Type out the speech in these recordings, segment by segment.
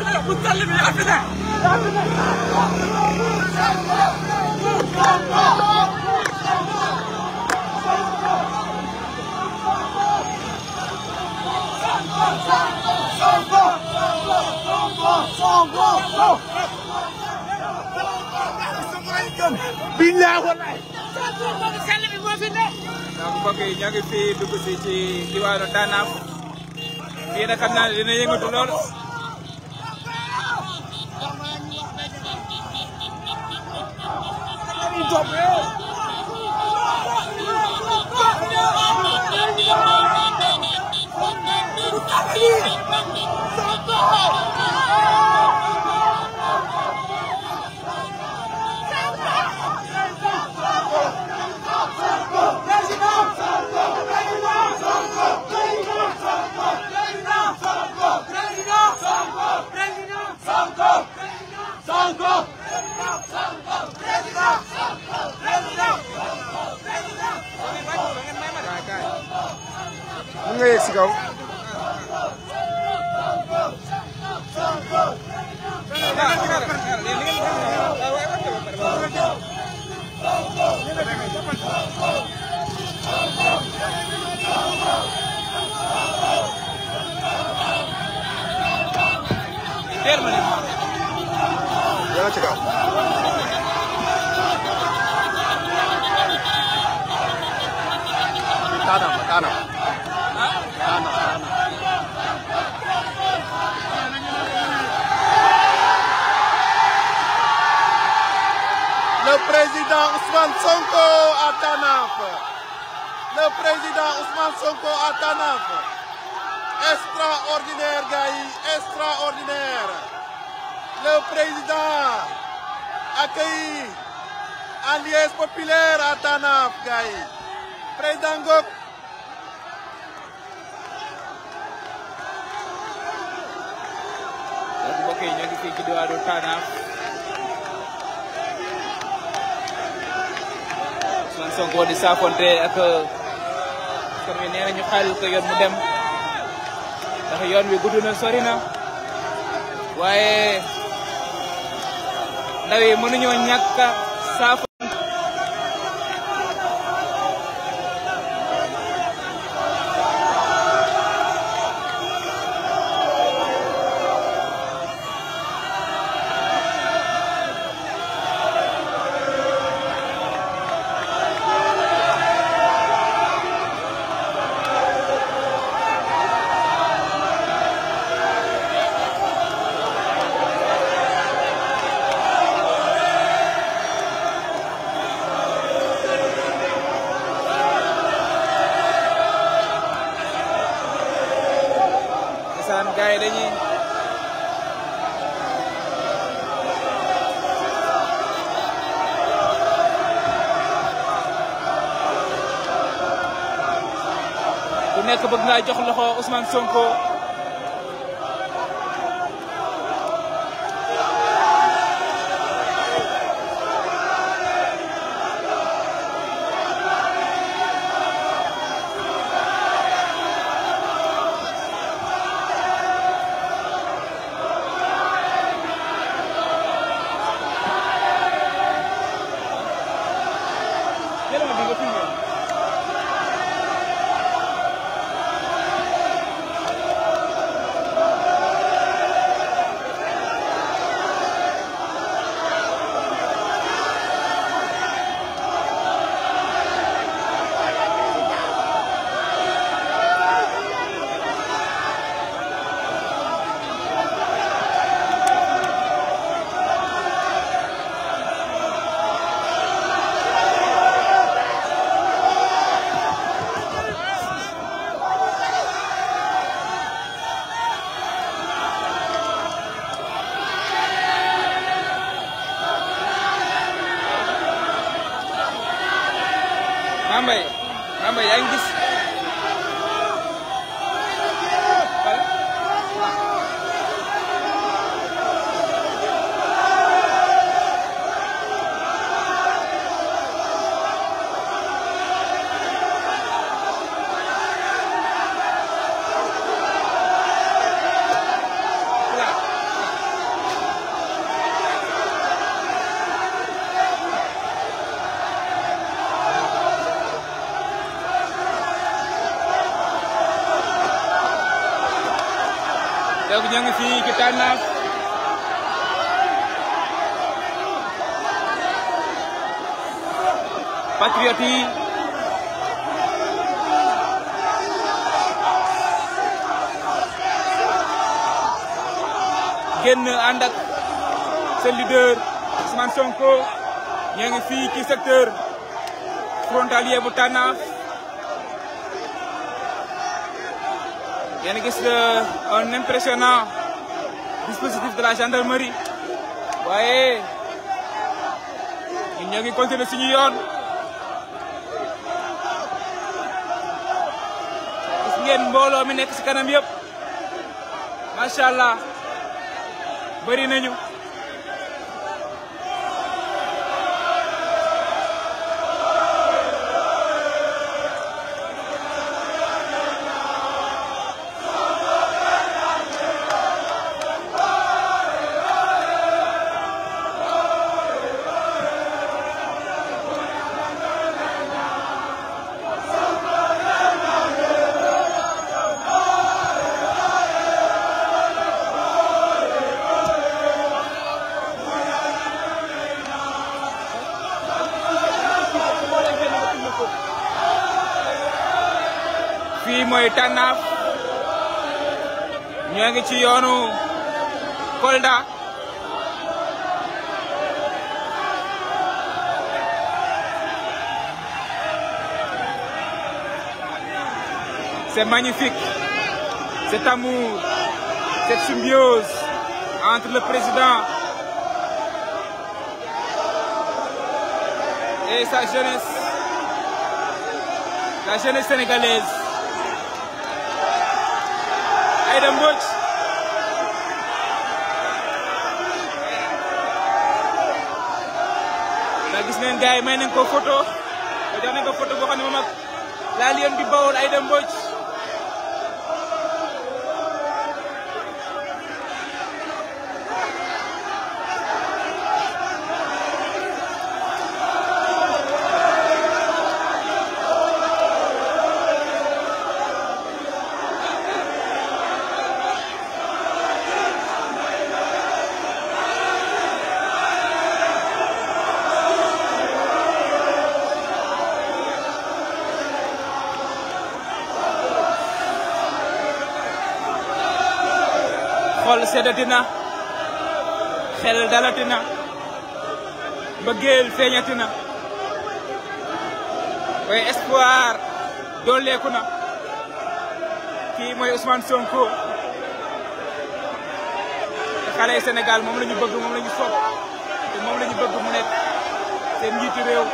متسلم يعرفنا بالله والله donc mbokk yi ñoo ngi fii dugg si ci diwaanu Danaab fii nag xam naa ne dina yëngatu lool Stop! Germany. Yana çıkar. Tanam, tanam. Tanam, tanam. Le président Ousmane Sonko à Tanaf. Le président Ousmane Sonko à Tanaf. extraordinaire gars extraordinaire le président accueilli en liesse populaire à Tanaf gars yi président Ngop donc mbokk yi ñoo ngi fii ci diwaanu Tanaf Ousmane Sonko di saafonte ak comme nee na ñu xaaral ko dem yoon wi gudu na sori na waaye ndaw yi mënuñoo ñàkk nekk bëgg naa jox loxo Ousmane Sonko. donc ñoo si fii ci tànnaaf patriote yi anda ànd ak seen leader Ousmane Sonko ñoo ngi fii secteur frontalier bu yéen a gis euh, un impressionnant dispositif de la gendarmerie waaye ñun ñoo ngi continuer suñu yoon gis ngeen mbooloo mi nekk ci kanam yëpp macha allah bëri nañu. c'est magnifique cet amour cette symbiose entre le président et sa jeunesse la jeunesse sénégalaise Aïda Mbodj ndax gis ngeen gars yi may nañ ko photo jox nañ ko photo boo xam ne moom ak laa lion bi bawol Aïda Mbodj xol seddati na xel dalati na mbëggeel feeñati na waaye espoir dooleeku na kii mooy Ousmane Sonko te xale moom la ñu bëgg moom la ñu moom la ñu bëgg mu nekk seen njiitu réew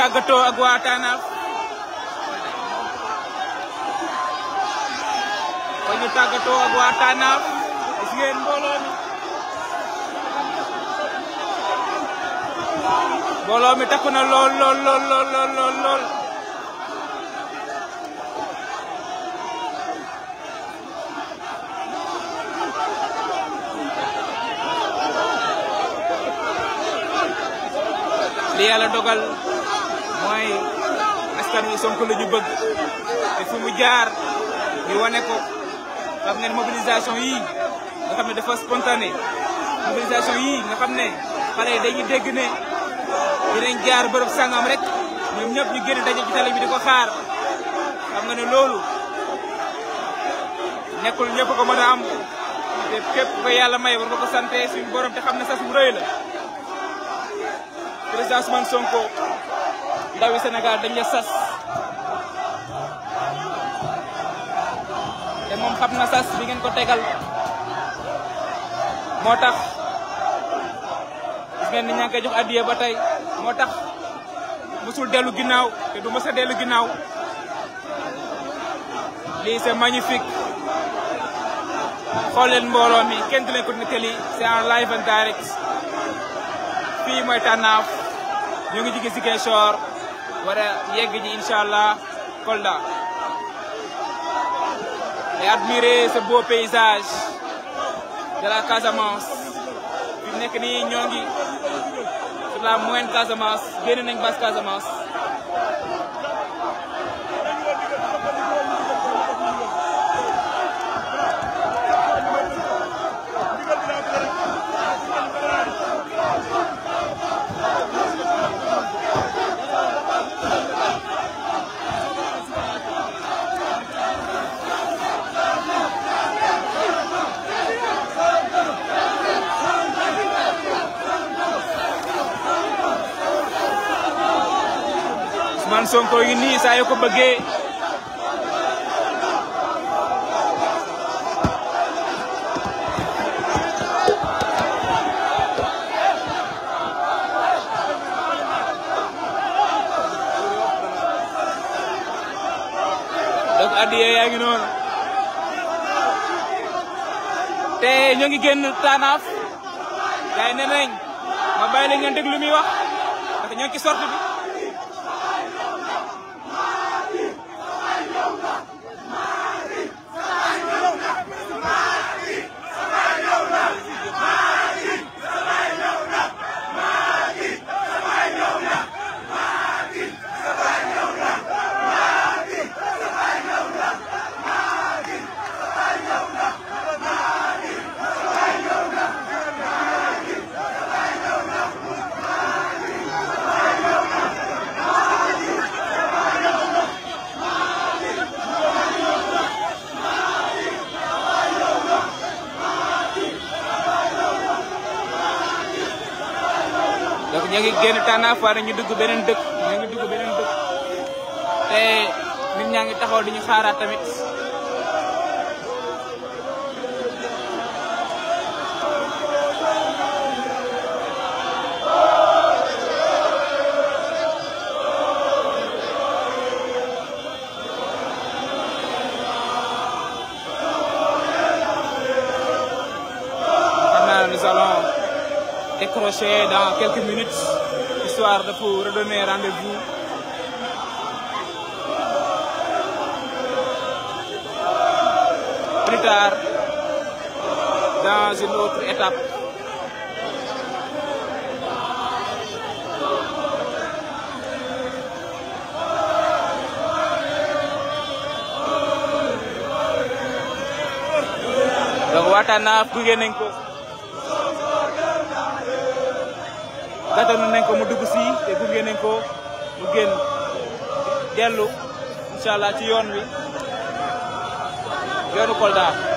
tagato agwata na Tanaff tagato agwata na ak waa Tanaff gis ngeen mbooloo mi mbooloo mi lol lol lool lool lool lool lool lool li dogal askan wi Sonko la ñu bëgg te mu jaar ñu wane ko xam ngeen mobilisation yi nga xam ne dafa spontané mobilisation yi nga xam ne xale yi dañuy dégg ne dinañ jaar bërëb sangam rek ñoom ñëpp ñu génn daje ci tali bi di ko xaar xam nga loolu nekkul ñëpp ko mën a am te képp ko yàlla may war nga ko sante suñu borom te xam ne sas bu rëy la président Ousmane Sonko ndawi Sénégal dañ la sas te moom xam na sas bi ngeen ko tegal moo tax ni ñaa jox addiye ba tay motax musul delu ginnaaw te du mësa delu dellu li c'est magnifique xool mboro mi kën du ko nettali c'est en live and direct fi moy Tànnaaf ñu ngi ci Ziguinchor wara a yegg ji inshallah Kolda et admirer ce beau paysage de la Casamance fi nek ni ñongi sur la moindre Casamance génn nañ Casamance. Sonko yi nii saa yoo ko bëggee donc addiya yaa ngi noonu te ñoo ngi génn Tanaff gars yi ma bàyyi la ngeen déglu muy wax parce que ñoo ñu ngi génn Tànnaaf waaye ñu dugg beneen dëkk ñu ngi dugg beneen dëkk te nit ñaa ngi taxaw di ñu xaaraat tamit. dans quelques minutes, histoire de vous redonner rendez-vous plus tard dans une autre étape. gàttal nañ ko mu dugg si te gunge nañ ko mu génn dellu incha allah ci yoon wi yoonu Kolda.